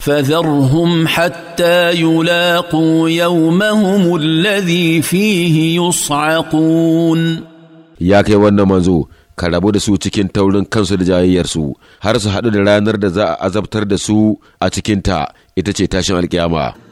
فذرهم حتى يلاقوا يومهم الذي فيه يصعقون يا كي wannan manzo ka rabu da su cikin taurin kansu da jayayyarsu har su haɗu da ranar da za a azabtar da su a cikin ta ita ce tashin alkiyama